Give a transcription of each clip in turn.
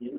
àwọn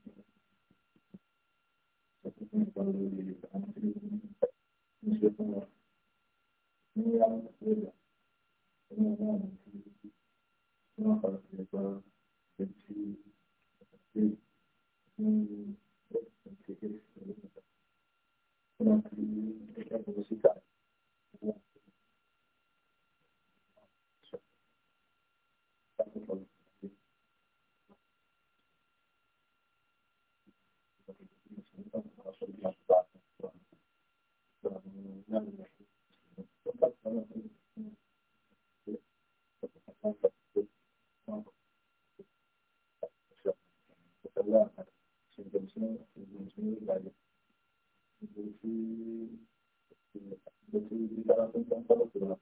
Thank you. para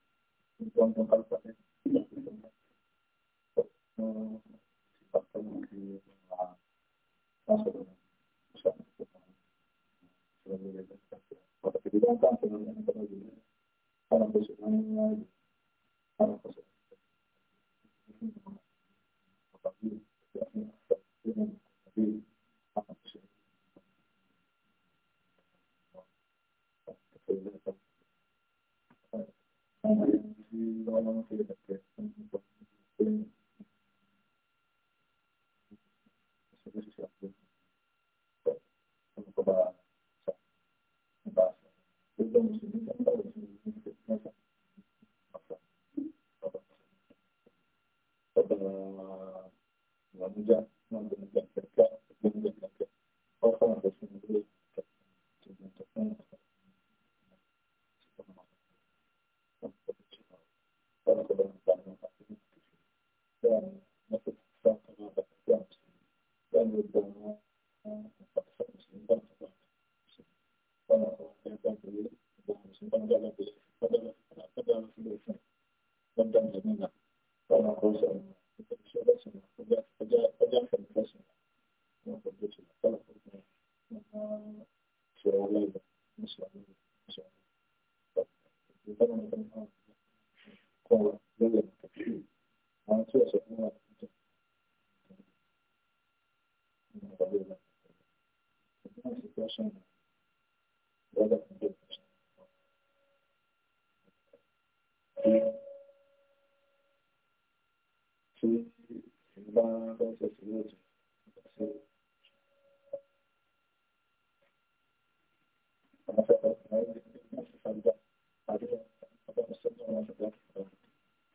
问题。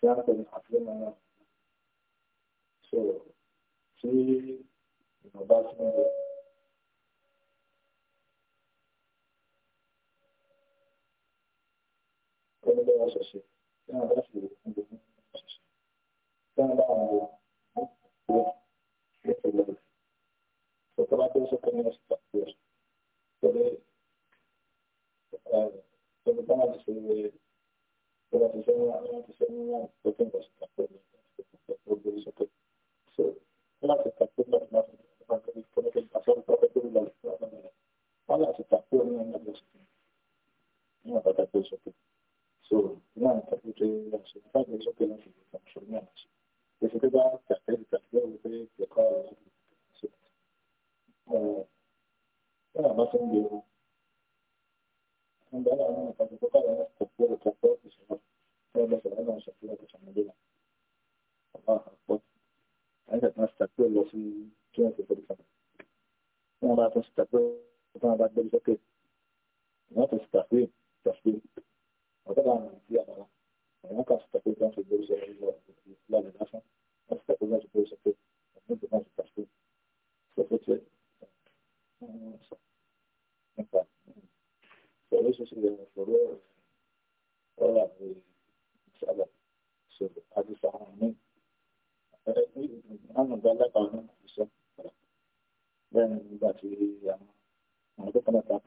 yàtọ̀ àti ọ̀nà sọ̀rọ̀ tí ìjọba ti ń lọ. Ọlọ́dọ̀ wa ṣẹ̀ṣẹ̀ tí wọ́n bá ṣe ìwé fún gbogbo ṣẹ̀ṣẹ̀. Tí wọ́n bá wọn lọ wọ́n ṣe é tenía, lo tengo así.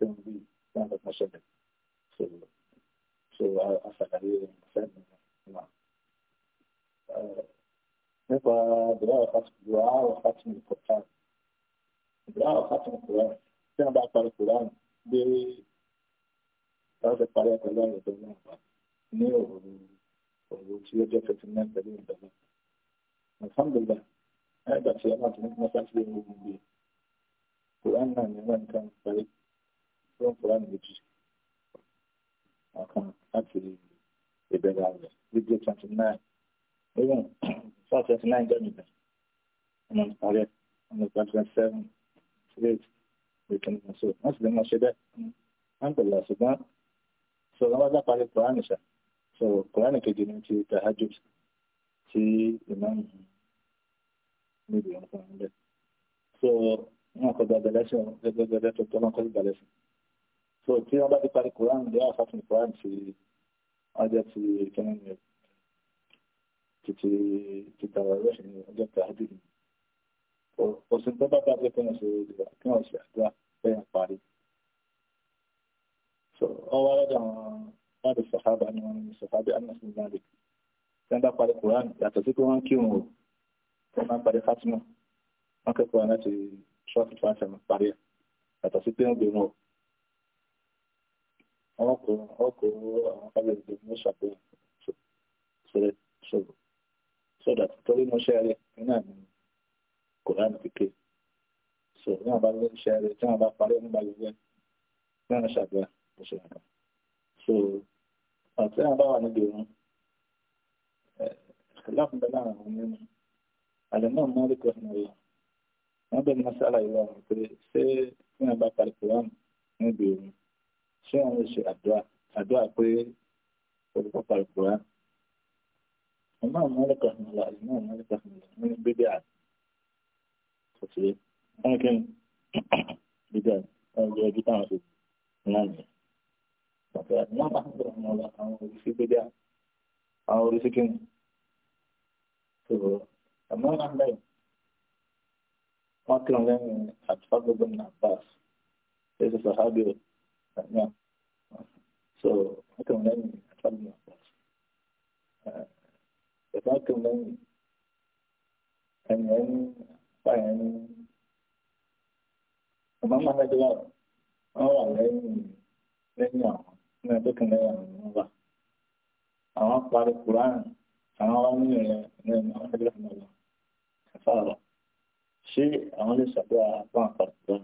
ń wí láti ọ̀pọ̀ ṣẹlẹ̀ so so àṣàlàyé ìfẹ́mi náà. nípa ìdílé àwọn fásitì kọ̀ọ̀tà ìdílé àwọn fásitì kọ̀ọ̀tà tí wọ́n bá parí kùránù dé láti parí pẹ̀lú àwọn ìdílé náà wá ní òru òru tí ó jẹ́ twenty nine pẹ̀lú ìdílé. alhamdulilah ẹgbàá tí a máa tún ní mọ́sáàsì lè mú un gbé kùránù náà ní wọ́n ń kàn parí fún Quran méjì ọ̀kan láti ìbẹ̀rẹ̀ àwẹ̀ gbígbé twenty nine even four twenty nine jẹ́ nìbẹ̀ ọmọ ìpàdé ọmọ ìpàdé twenty seven eight ìkànnì ọ̀sọ̀ wọ́n sì lè mọ̀ ṣe bẹ́ẹ̀ wọ́n pẹ̀lú àṣùgbọ́n sọ̀rọ̀ wọn bá parí Quran ṣá sọ̀rọ̀ Quran kejì ní ti tahajjud tí ìmáàmù níbi ọ̀kan ń so wọn kọ gbàgbẹ́ lẹ́sìn gbẹgbẹgbẹ tó tọ́ wọn kọ́ gbàgbẹ́ lẹ́sìn so tí wọ́n bá ti parí koran lé àfàfin koran ti ọjọ́ ti kẹ́ni ní títí títà ọ̀rọ̀ ṣe ní ọjọ́ ti àdìrí òsì tó bá dábẹ́ kí wọ́n ṣe kí wọ́n ṣe àdúrà bẹ́ẹ̀ parí so ọwọ́ ọ̀dọ̀ àwọn láti sàhábà ni wọ́n ní sàhábà anas ní malik tí wọ́n bá parí koran yàtọ̀ sí pé wọ́n kírun o wọ́n máa ń parí fatima wọ́n kẹ́kọ̀ọ́ láti ṣọ́ọ̀kì fatima parí ẹ̀ sí pé wọ́n gbé wọn o wọn kò wọn kò àwọn fábíyèsí tó ní ṣàpèyàn ṣẹlẹ̀ ṣòro sódà torí so ní àbá ló ṣe ẹrẹ tí wọn bá parí ẹni bá gbẹgbẹ so àti àwọn bá wà níbi wọn ìlàkùnbẹ náà àwọn mímu àlẹ náà mọ orí kọfí náà wọn ṣé tí wọn bá parí koran níbi wọn ṣé àwọn ṣe àdúrà àdúrà pé olùkọ́ pàlùkùrá ọmọ àwọn ọlọ́kà fún ọlá ìmọ̀ àwọn ọlọ́kà fún ọlá ní bíbí àti òṣèré ọ̀nkẹ́ni bíbí àti ọ̀nkẹ́ ẹbí táwọn ṣe náà nìyẹn. Ọ̀kẹ́ àti náà bá ń bọ̀ ọmọ ọlá àwọn oríṣi bíbí àti àwọn oríṣi kìnnì. Àmọ́ àmọ́ wọ́n kí wọn lẹ́yìn àtúfágbọ́gbọ́n náà bá a ṣe é Yeah. So I can learn something like that. Uh, if I can learn and then find mama máa ń lọ wọn wà lẹ́yìn lẹ́yìn àwọn ní ẹgbẹ́ kan lẹ́yìn àwọn ọmọ wa àwọn parí kuran àwọn wá ní ìrìn lẹ́yìn àwọn ẹgbẹ́ kan lọ kàfà lọ ṣé àwọn lè ṣàdúrà fún àpàtúwà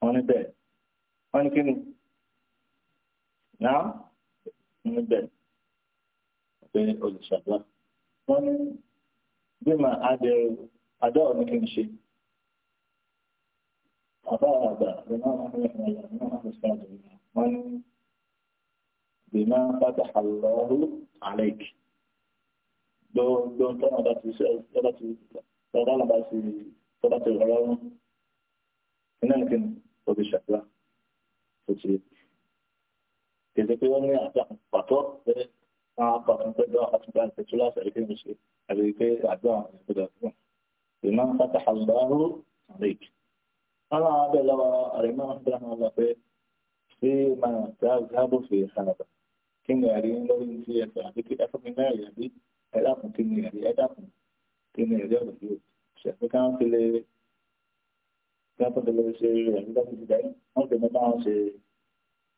wọn níbẹ̀. أنا كن نعم نبدأ بين أول شغلة من بما عاد عاد أنا كن شيء أبا أبا بما من بما فتح الله عليك دو دو تنا داتي سي داتي تدا لا باسي تدا تي غاو هنا كن أول شغلة tó ṣe kèsì pé wọ́n ní àjà pàtó pé wọ́n á pa fún pẹ́jọ́ àtúntà ìṣẹ́jú láti ẹ̀rí pé mo ṣe àbí pé àjọ àwọn ìṣẹ́jú fún ìmọ̀ fata àlùbáwò àlejò. أنا هذا لو الإمام رحمه الله في فيما تذهب في هذا كم يعرفون لو ينسي فهذه أفهم ما يعرف أدافن كم يعرف أدافن كم يعرف البيوت شاف كان في kí wọ́n tó tẹ̀lé ṣe rẹ̀ nígbà tó ti darí wọ́n tẹ̀lé báwọn ṣe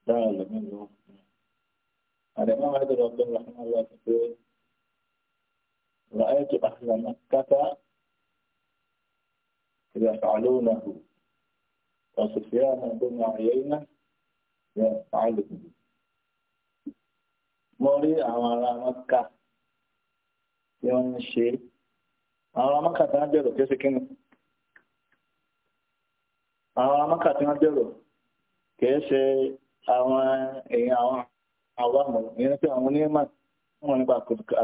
dára lọ́mọ ìlú wọn. àdèmọ́ máa dọ̀rọ̀ pé rahman allah ti pé ra'aytu ahla makkata yaf'alunahu wa sufyana bin uyayna yaf'aluhu. mo rí àwọn ará mọ́kà tí wọ́n ń ṣe àwọn ará mọ́kà àwọn amáka tí wọ́n dẹ̀rọ̀ kìí ṣe àwọn èèyàn àwọn àwọn àmọ̀ ìyẹn pé àwọn onímọ̀ wọ́n mọ̀ nípa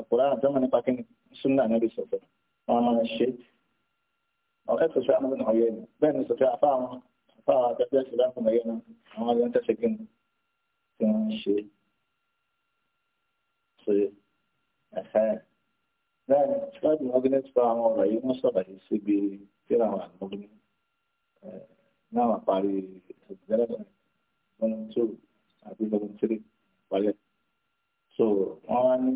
àkùrá àti wọ́n nípa kí ni súnà níbi sọ̀tọ̀ wọ́n máa ṣe ẹ sọ̀tọ̀ àwọn ọmọ ọ̀yẹ́ ni bẹ́ẹ̀ ni sọ̀tọ̀ àfa àwọn àfa àwọn akẹ́kẹ́ ṣe láwọn ọmọ ọ̀yẹ́ náà àwọn ọmọ ọ̀yẹ́ tẹ̀sẹ̀ kí ni tí wọ́n ṣe ṣe ẹ̀fẹ́ bẹ́ẹ̀ ni tíwájú mọ́gínẹ́tì fún àwọn ọ̀rọ̀ yìí wọ́n sọ̀rọ̀ yìí síbi tí àwọn àgbọ̀gbìn náà wà parí ìdẹ́rẹ́bẹ̀rẹ̀ lọ́nà tó àbí lọ́nà tírì wáyé. so wọ́n wá ní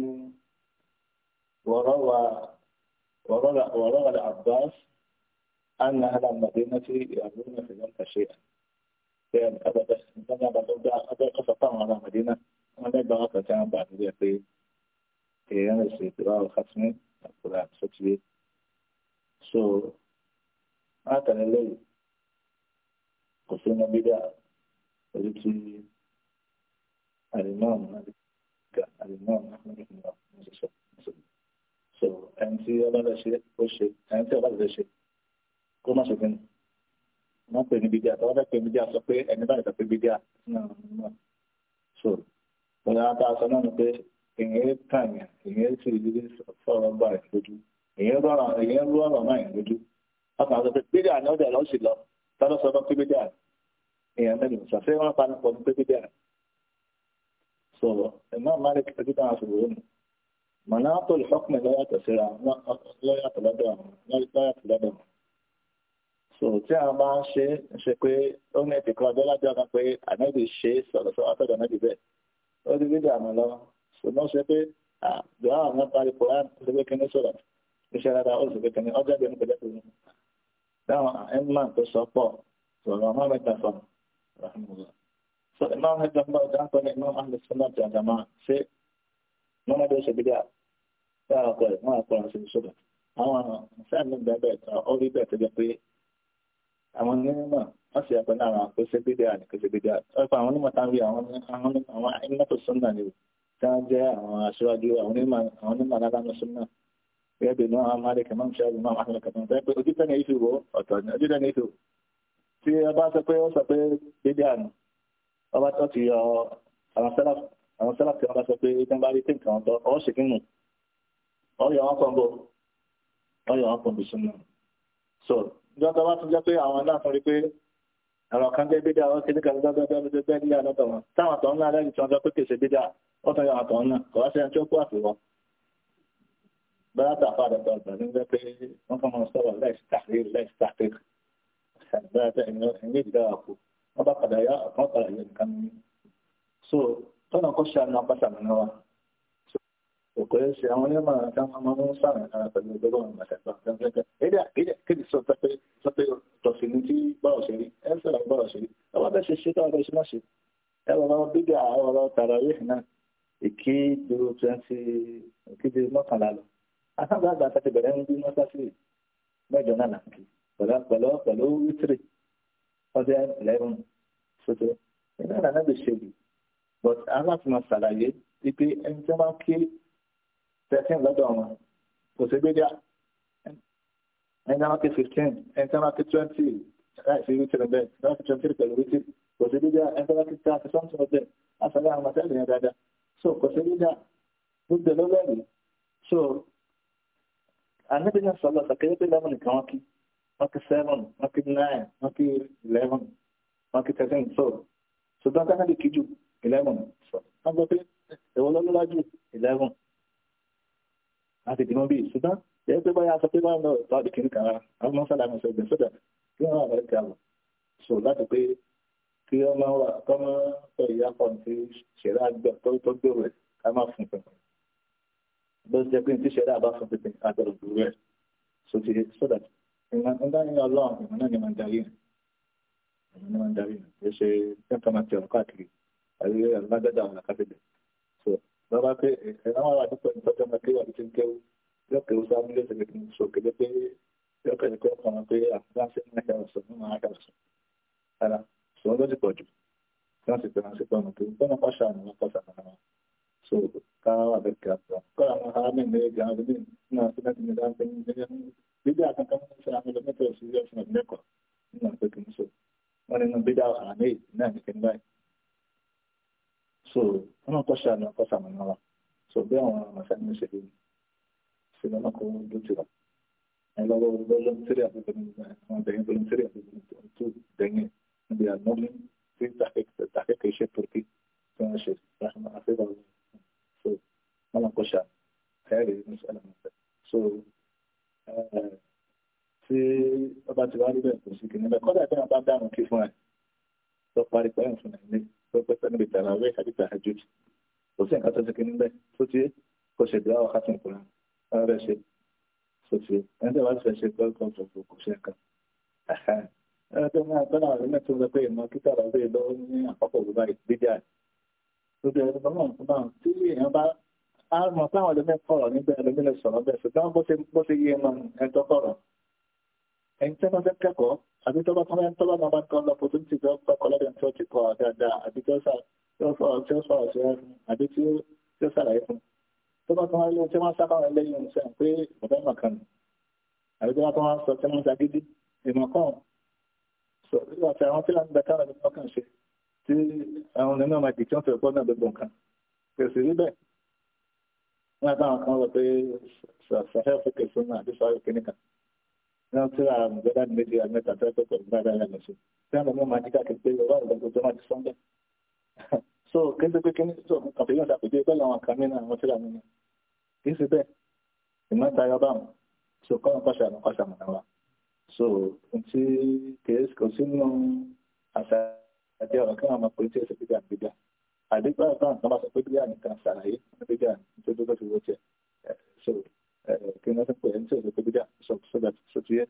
wọ́rọ́ wa wọ́rọ́ wa Abbas أن أهل المدينة يأمرون في ذلك شيئا. يعني أبدا أبدا أبدا أبدا أستطاعوا على المدينة وأنا بغيت أتعامل بعد ذلك في أنا الاستدراء الخصمي أقول لك so هذا الليل kò sí ọmọ bídà orí tí alimọ́ọ̀mù alimọ́ọ̀mù nígbà mo so ẹni tí ọba lè ṣe ó ṣe ẹni tí ọba lè ṣe kó má ṣe fún mi wọn pè ní bídà tọwọ́ fẹ́ pè ní bídà sọ pé ẹni bá lè pé bídà náà so wọn yàrá tá a sọ náà ni pé èèyàn tààyàn èèyàn sì rí sọ̀rọ̀ bá ẹ̀ lójú èèyàn rọrọ̀ èèyàn rọrọ̀ náà ẹ̀ lójú wọn kàn sọ pé bídà ni ó dẹ̀ lọ́ sí lọ tọ́lọ́ sọ fún pépé dáa èèyàn mẹ́rin ṣàfihàn wọn pa nípa pépé dáa sọ̀rọ̀ ẹ̀mọ́ malik ẹbí náà sọ̀rọ̀ òun mọ̀nà tó lè fọ́kùnrin lọ́yàtọ̀ síra lọ́yàtọ̀ lọ́dọ̀ àwọn lọ́yàtọ̀ lọ́dọ̀ àwọn sọ̀rọ̀ tí a máa ń ṣe ń ṣe pé ó ní ètò kan ọdọ́lájọ́ kan pé ànábì ṣe sọ̀rọ̀ sọ àtọ̀dọ̀ ànábì bẹ́ẹ̀ ó ti gbéjà àmọ́ lọ ṣùgbọ́n ṣe pé àdúrà àwọn parí kòrán ó ti gbé kíní sọ̀rọ̀ iṣẹ́ rárá ó sì gbé kíní ọjọ́ ìgbẹ́ni pẹ̀lẹ́pẹ̀lẹ́ táwọn àìmà tó sọ pọ̀ sọ̀rọ̀ ọmọ rẹ̀ dàfà rahimahullah. so imam hajjan bá ọjà ń pẹ́ ní imam ahmed sunnah ti àjàmá ṣé wọ́n mọ̀ bí ó ṣe bídíà tá a kọ̀ wọ́n àkọ́ àṣẹ ìṣòro àwọn sáàmì bẹ́ẹ̀ ó rí bẹ́ẹ̀ tó jẹ́ pé àwọn onímọ̀ wọ́n sì yàtọ̀ náà àwọn àkóso bídíà ní kóso bídíà ọ̀pọ̀ àwọn onímọ̀ táwọn rí àwọn àìmọ̀ tó sunnah ni tí wọ́n jẹ́ àwọn aṣíwájú àwọn onímọ̀ alábàánu sunnah gẹ́gẹ́ bí náà malik imam shafi imam ahmed katam tẹ́ pé ojútẹ́ ní ìṣòro ọ̀tọ̀ ní ojútẹ́ ní ìṣòro tí ẹ bá sọ pé ó sọ pé dédé àná ọba tó ti yọ àwọn sẹ́lá tí wọ́n bá sọ pé tó ń bá rí tí nǹkan tó ọ̀ ṣe kínú ọyọ̀ wọn kàn bọ̀ ọyọ̀ wọn kàn bọ̀ sínú. so ìjọ tó bá tún jẹ́ pé àwọn náà fún rí pé àwọn kan jẹ́ bídà ó ti ní kan gbọ́dọ̀ bẹ́ẹ̀ bẹ́ẹ̀ tá a fa àdàtọ̀ àgbà ní wípé wọ́n kàn máa sọ̀rọ̀ láìsí tàkìrì láìsí tàkìrì bẹ́ẹ̀ tá ẹ̀yìn ẹ̀yìn ìdílé àpò wọ́n bá padà yá wọ́n padà yẹ nǹkan mi. so tọ́nà kó ṣe àná apá sàmì náà wa òkò yẹn ṣe àwọn onímọ̀ àti àwọn ọmọ ọmọ sàmì náà pẹ̀lú ọgbẹ́gbẹ́ wọn àti àgbà gẹ́gẹ́ èdè àkéde kéde sọ pé sọ pé tọ̀sí ní tí bọ́ọ̀ ṣe rí ẹ fẹ́ bọ́ọ̀ ṣe rí ẹ wọ́n bẹ́ ṣe ṣe tọ́wọ́ bẹ́ ṣe má ṣe ẹ wọ́n bá bíbí àwọn ọ̀rọ̀ tààrà yìí náà ìkí dúró twenty ìkí dúró mọ́kànlá lọ àtàgbàgbà àti bẹ̀rẹ̀ ń bí mọ́sáfì mẹ́jọ náà nàkì pẹ̀lú pẹ̀lú pẹ̀lú wítìrì ọdẹ eleven sotò ìlànà náà lè ṣèlú but aláàfin máa ṣàlàyé wípé ẹni tí wọ́n bá kí thirteen lọ́dọ̀ wọn kò sí gbéjà ẹni tí wọ́n bá kí fifteen ẹni tí wọ́n bá kí twenty láì fi wítìrì bẹ́ẹ̀ ẹni tí wọ́n bá kí twenty pẹ̀lú wítìrì kò sí gbéjà ẹni tí wọ́n bá kí thirty something ọ̀dẹ̀ àṣàlẹ̀ àwọn ọmọ tẹ́lẹ̀ yẹn dáadáa so kò sí gbéjà gbogbo ẹ̀ lọ́gbẹ̀rẹ̀ so. Ànábì náà sọ̀rọ̀ sàkéyé pé lẹ́mọ̀nì kan wọ́n kí wọ́n kí seven wọ́n kí nine wọ́n kí eleven wọ́n kí thirteen so ṣùgbọ́n káná lè kíjù eleven so wọ́n gbọ́ pé èwo ló lọ́wọ́jú eleven àti ìdìmọ́ bíi ṣùgbọ́n yẹ́n pé báyà sọ pé báyà náà tọ́ àdìkì ní kàrà àwọn ọmọ so láti pé kí ọmọ wa kọ́mọ sọ ìyá kan ti ṣẹ̀rá gbẹ tó gbèrò bó ṣe pé tí ṣẹ̀dá bá fún pípín àgbẹ̀rẹ̀ òdúró ẹ̀ so ti so that ìmọ̀nà ní ọlọ́run ìmọ̀ náà ni wọ́n darí ẹ̀ ìmọ̀ náà wọ́n darí ẹ̀ kì í ṣe kẹ́kọ̀ọ́ máa ti ọ̀rọ̀ káàkiri àbí àlùmágbẹ́dà àwọn àkàtẹ̀dẹ̀ so lọ́ba pé àwọn àwọn àdúgbò ní tọ́jú ọmọ kéwà tuntun kéwù yóò kéwù sáwọn ilé ìṣẹ̀lẹ̀ kì í so kéde pé yóò kẹ́ni kó ọkàn wọn pé àfúráṣẹ́ ní àkàrọ̀sọ̀ ní wọn àkàrọ̀sọ̀ ara sọ lọ́sìpọ̀ jù láti pẹ̀lú àṣepọ̀ ọ̀nà pé bọ́nà pàṣà àwọn ọkọ̀ sàkàrà wọn so kawo da gaba ko amma har nan ne ga abin na suna da dan dan dan bid'a kan kan sai amma da mutum shi ya suna ne ko na da kuma so wannan bid'a a ne na ne kan bai so ana ko sha na ko sama na so bai wannan masanin shi ne sai na ko dutura ai lawo da zan tsiri a cikin wannan da yin tsiri a cikin to dan ne da ya nolin sai ta kai ta kai shi turki sai shi rahma afidahu so malam kọṣà ẹrẹ mọṣálà mọṣálà so tí uh, ọba tí wàá rí bẹ́ẹ̀ kò sí kìnìún bẹ́ẹ̀ kọ́dà bí wọn bá dáhùn kí fún ẹ lọ parí pẹ́yìn fún ẹ ní pẹ́pẹ́pẹ́ níbi tààrà wẹ́ àbí tààrà jù ti kìnìún bẹ́ẹ̀ tó ti kò ṣèdè àwọn ká tún kúrò ara rẹ̀ lójú ẹni ọlọ́run tó náà tí èèyàn bá á mọ̀ pé àwọn ẹlòmíín kọ̀rọ̀ níbẹ̀ ẹlòmíín lè sọ̀rọ̀ bẹ́ẹ̀ ṣùgbọ́n bó ṣe bó ṣe yé mọ ẹni tó kọ̀rọ̀ ẹni tí wọ́n fẹ́ kẹ́kọ̀ọ́ àbí tó bá tó bá tó bá máa bá kọ́ lọ fòtún ti fẹ́ kọ́kọ́ lọ́dẹ̀ tí ó ti kọ́ dáadáa àbí tí ó sọ̀rọ̀ tí ó sọ̀rọ̀ sí ẹ̀fún àbí tí ó sàlàyé fún tó bá tó wá lé tí wọ́n sábà wọn lẹ́yìn ìṣẹ́ pé ọ̀dọ́ ìmọ̀ kan àbí tí wọ́n tó wá sọ tí wọ́n ṣagídí ìmọ̀ sọ nígbà tí àwọn ọ̀nà náà máa dìtí wọ́n fẹ́ gbọ́ náà gbogbo nǹkan kẹsì níbẹ̀ wọ́n á báwọn kan lọ pé sàfẹ́ fún kẹsì náà àbí sọ́ọ́ ìpínlẹ̀ kan ní wọ́n tí ara mi gbọ́dá ní méjì àmì ẹ̀ta tó ẹ̀kọ́ pẹ̀lú báyìí lẹ́nu sí tí àwọn ọmọ máa dídá kékeré ọba ìgbàgbọ́ tó máa ti sọ́ńdẹ̀ so kéde pé kíní tó àfihàn ṣàpèjì pẹ̀lú àwọn kan nínú àwọn tíra mi ni kì í ṣe bẹ́ẹ̀ ìmọ̀ta yọba àwọn so kọ́ ọ̀pọ̀ ṣàmùkọ́ ṣàmùkọ́ wa so ntí kì í kò sínú àṣà àti ọ̀nà kí wọ́n máa pè tí ó ṣe bíjà náà kan bá sọ pé bíjà nìkan ṣàlàyé bíjà tó tó tó ti wọ́ so kí wọ́n ti pè é tí ó ṣe pé bíjà so so that so ti yẹ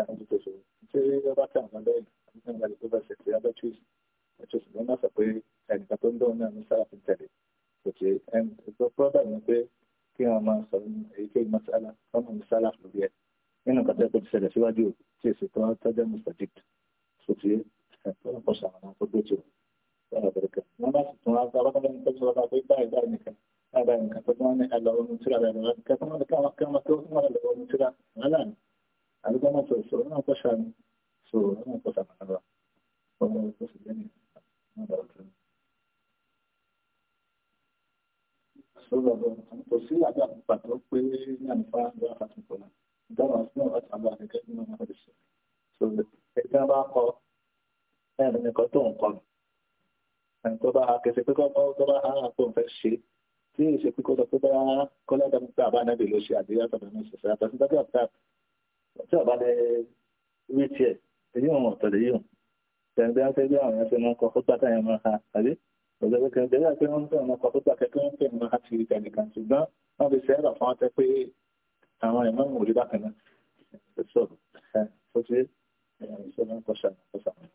àwọn tó so tí ó bá tẹ̀ àwọn bẹ́ẹ̀ ní ìgbà tó bá ṣe ti abẹ́ tíì ẹ̀tọ́ ṣùgbọ́n má sọ pé ẹnìkan tó ń dán náà ní sára fi tẹ̀lé kò tí ẹ̀ ẹ̀gbọ́n pọ́ọ́bà ni pé kí wọ́n máa sọ èyíkéyìí masala ọmọ misala lórí ẹ̀ nínú kàtẹ́kọ̀ọ́ ti ṣẹlẹ̀ síwájú tí èsì tó tọ́jú mr dick kò tí kan tó ń kọsà àwọn tó gbé tiwọn lọ́nà bẹ̀rẹ̀ kan wọ́n bá sì tún wá gba bọ́kọ́ lẹ́nu tẹ́jú ọba pé báyìí báyìí nìkan báyìí báyìí nìkan tó tún wá ní ẹlọ omi túra bẹ́ẹ̀ lọ́wọ́ kí wọ́n káwọn kí wọ́n tó tún wá lọ omi túra wàhálà ni àdúgbò mọ́tò ìṣòro náà kọ́sà ni ìṣòro náà kọ́sà màá lọ ọmọ ìṣòro sì lẹ́nu kò sí àgbà pàtó náà ló ní kan tó ń kọ lù ẹni tó bá kẹsẹ̀ pé kọ́ tó bá hàn án tó ń fẹ́ ṣe tí èyí ṣe pé kó sọ pé bá kọ́lá dàmú pé àbá anábì ló ṣe àdéhà tọ̀dọ̀ ní ìṣẹ̀ṣẹ̀ àtàtì dábì àbúrà tí àbá lẹ rí tiẹ̀ èyí wọn ọ̀tọ̀lẹ̀ yìí tẹ̀yìn bí wọ́n fẹ́ bí àwọn yẹn ṣe máa ń kọ́ fúgbà táyà máa ha àbí ọ̀dọ̀ pé kẹ̀kẹ́ bí wọ́n fẹ́ máa kọ́ fúgbà kẹ́kẹ́ wọ́n fẹ́ máa ha ti ìjà nìkan ṣùgbọ́n wọ́n fi sẹ́yìn fún ọtẹ pé àwọn ẹ̀mọ́ ń wòlé bákan náà ṣe sọ̀rọ̀ ṣe ṣe ṣe máa ń kọ́ ṣàmùkọ́ṣàmù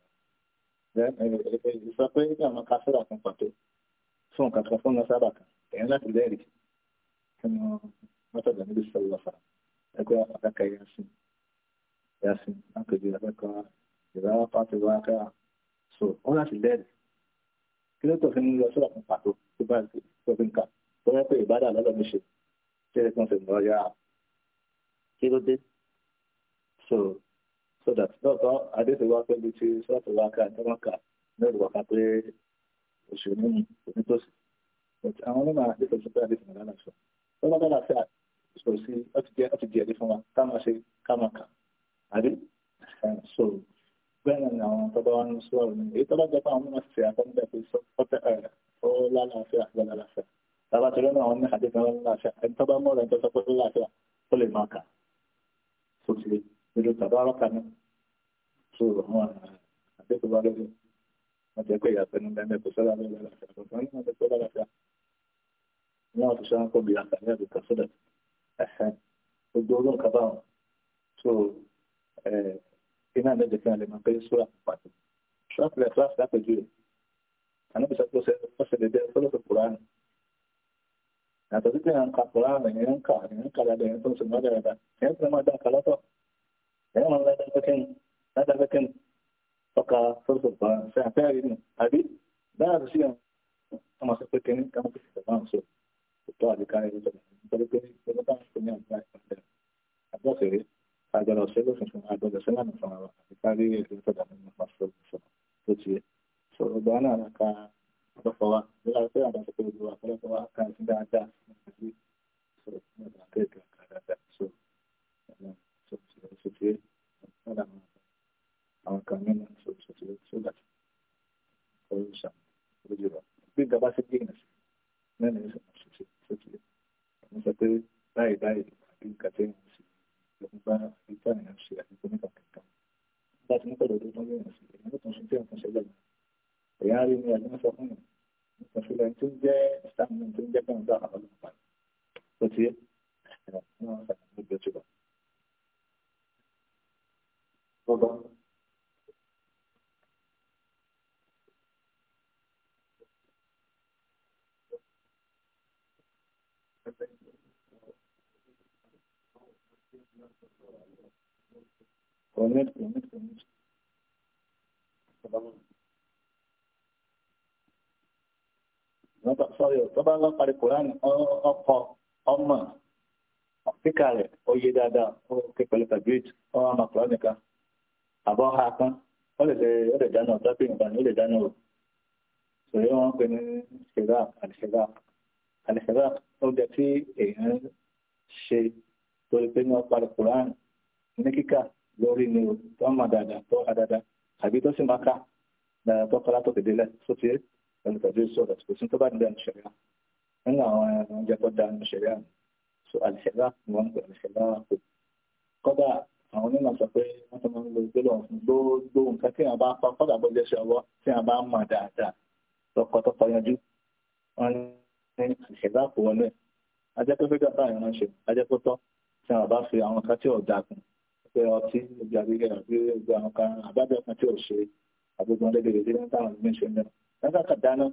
sọ pé kí àwọn kásìrà kan pàtó fún nǹkan kan fún nasábà kan èèyàn láti lẹ́rìí sínú mọ́tọ̀dọ̀ níbi sọ̀rọ̀ lọ́fà ẹgbẹ́ àkàkà yasin yasin àpèjì àkàkà ìdáwà pàtó wá ká so wọ́n láti lẹ́rìí kí ló tó fi ń lọ sọ̀rọ̀ kan pàtó tó bá tó fi ń kà tó yẹ pé ìbádà lọ́dọ̀ mi ṣe ṣé ẹ̀rẹ́ kan fi mọ̀ ọ́ yá kí ló dé so so that lọ́tọ̀ adéṣe wá pẹ̀lú ti sọ́ọ̀tù wá ká tọ́wọ́ká mẹ́rin wá ká pé oṣù ní onítòsí but àwọn onímọ̀ adéṣe tó bẹ́ẹ̀ adéṣe nàlá sọ lọ́wọ́ bá láti sọ̀rọ̀ sí ọtí jẹ́ ọtí fún wa ká máa ṣe ká máa kà àdé so bẹ́ẹ̀ ni àwọn tọ́ba wa ń sọ ọ̀rọ̀ nìyẹn èyí tọ́ba jẹ́ pé àwọn onímọ̀ ṣe àkọ́ńdà pé sọ́ọ̀tẹ̀ ó lálàáfíà lálàáfíà tàbá tẹ̀lé àwọn onímọ̀ àdéṣe lálàáfíà ẹni tọ́ba mọ̀ pẹ̀lú tàbárọ́kà náà tó àwọn àdékò bá lọ́dún wọ́n ti pé ìyàtọ̀ ní bẹ́ẹ̀ kò sọ́dà lọ́dún àti àtọ̀tọ̀ ní wọ́n ti sọ́dà láti à ní wọ́n ti sọ́dà kó bí àtàrí àdùkà sọ́dà ẹ̀hẹ́ gbogbo olóhùn kaba wọn tó iná lẹ́jẹ̀ kí wọ́n lè máa pé sóra pàtó sọ́ọ̀pù ẹ̀fọ́ àpèjú rẹ̀ ànábìsà tó ṣe dédé fọlọ́sọ̀ kùránì yàtọ̀ sí pé à ń ka kùránì yẹn ń kà yẹn ń kà dáadáa yẹn tó ń sọ yawan ladabacin ladabacin baka sulhu ba shafari ne abi ba da shi a masu kwakin kama kusa da ba su to a dukkan yanzu da farko ne da ba su ne a da a ba su ne a ga rasu da sun a da sun nan sama ba a kare ne da da nan masu su to ce so da ana na ka da fawa da sai da su ke zuwa kare fawa kan da da so da kai ka da so sòtìyẹ lọ́dà àwọn àwọn kan nínú sòtìyẹ sódà ọ̀rọ̀ ìṣà lójú wa bí ìjọba ṣe jìnnà sí mẹ́rin ní sòtìyẹ sòtìyẹ wọ́n sọ pé báyìí báyìí àbí kàtẹ́yìn sí lọ́n bá ìgbà yẹn ṣe àdúgbò nípa kankan bá ti ní pẹ̀lú ọdún tó ń yẹn sí ẹ̀yìn tó ń ṣe tí wọ́n ṣe lẹ́yìn ẹ̀yà rí ni àdúgbò sọ fún yẹn ìpàṣẹlẹ̀ tó ń jẹ́ ìsàmì tó ń jẹ́ pẹ̀lú àwọn ọlọ́pàá sòtìyẹ ẹ̀rọ ní wọ́n sàkóso ìgbẹ́jọba. Hold on. Connect, connect, connect. tó bá lọ parí koran ọkọ ọmọ àfíkà rẹ̀ ó yé dáadáa ó ké pẹ̀lú tàbí ọmọ koran nìkan àbọ̀ ha kan ó lè ó lè dáná ọ̀dọ́pẹ̀ nǹkan ni ó lè dáná o sòrí wọn pe ní ṣẹ̀dá àlìṣẹ̀dá àlìṣẹ̀dá ó jẹ́ tí èèyàn ṣe torí pé ní wọ́n parí ní kíkà lórí ni o tó máa dáadáa tó ha dáadáa àbí tó sì máa kà dáadáa tó kọ́lá tó ti délẹ̀ sóti ẹni tàbí sọ̀rọ̀ kò sí tó bá nílẹ̀ ìṣẹ̀dá nínú àwọn oúnjẹ tó dáa ní ìṣẹ̀dá so àlìṣẹ̀dá ni wọ́n ń pè àlìṣẹ̀dá kódà àwọn onímọ̀ sọ pé wọ́n ti máa ń lo ìgbélọ̀ fún gbogbo nǹkan tí wọ́n bá pa kọ́dà bó jẹ́ ṣe ọwọ́ tí wọ́n bá mọ̀ dáadáa tọkọtọkọ yanjú wọn ní ìṣẹ̀dáàpọ̀ wọlé ajẹ́pẹ́fẹ́ dàbá ìran ṣe ajẹ́pẹ́tọ́ tí wọ́n bá fi àwọn kan tí ò dàgùn pé ọtí ibi àgbègbè àbí ibi àwọn kan àbájọ kan tí ò ṣe àgbègbè ọdẹ gègé ní táwọn ìgbé ṣe náà nígbà kan dáná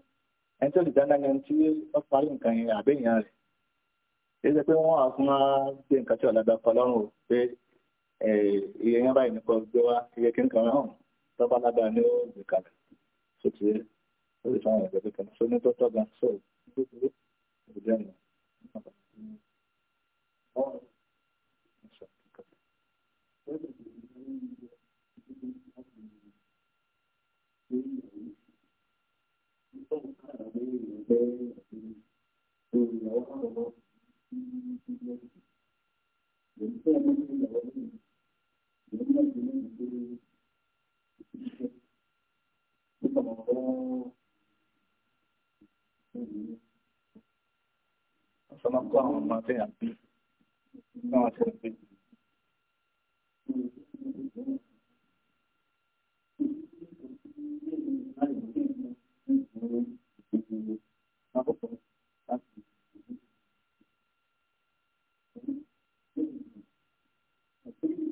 ẹni tó lè dáná ni ẹni tí wọ́n parí nǹkan yẹn àbẹ́yìn rẹ̀ èyí ṣe pé wọ́n á fún wa gbé nǹkan tí ọ̀làdà kọ lọ́rùn o pé èèyàn báyìí nípa gbé wá iye kí n kàn hàn tọ́ba lágbára ní ó gbé kalẹ̀ sóti ẹ̀ ó lè fáwọn ẹ̀jẹ̀ pé kàná sóní tó tọ́ga sọ gbogbo ìdílé ọ̀nà Thank you. Ọ̀sán kọ́ àwọn ọmọ tẹ́yà bí náà ṣe ń bí. Thank you.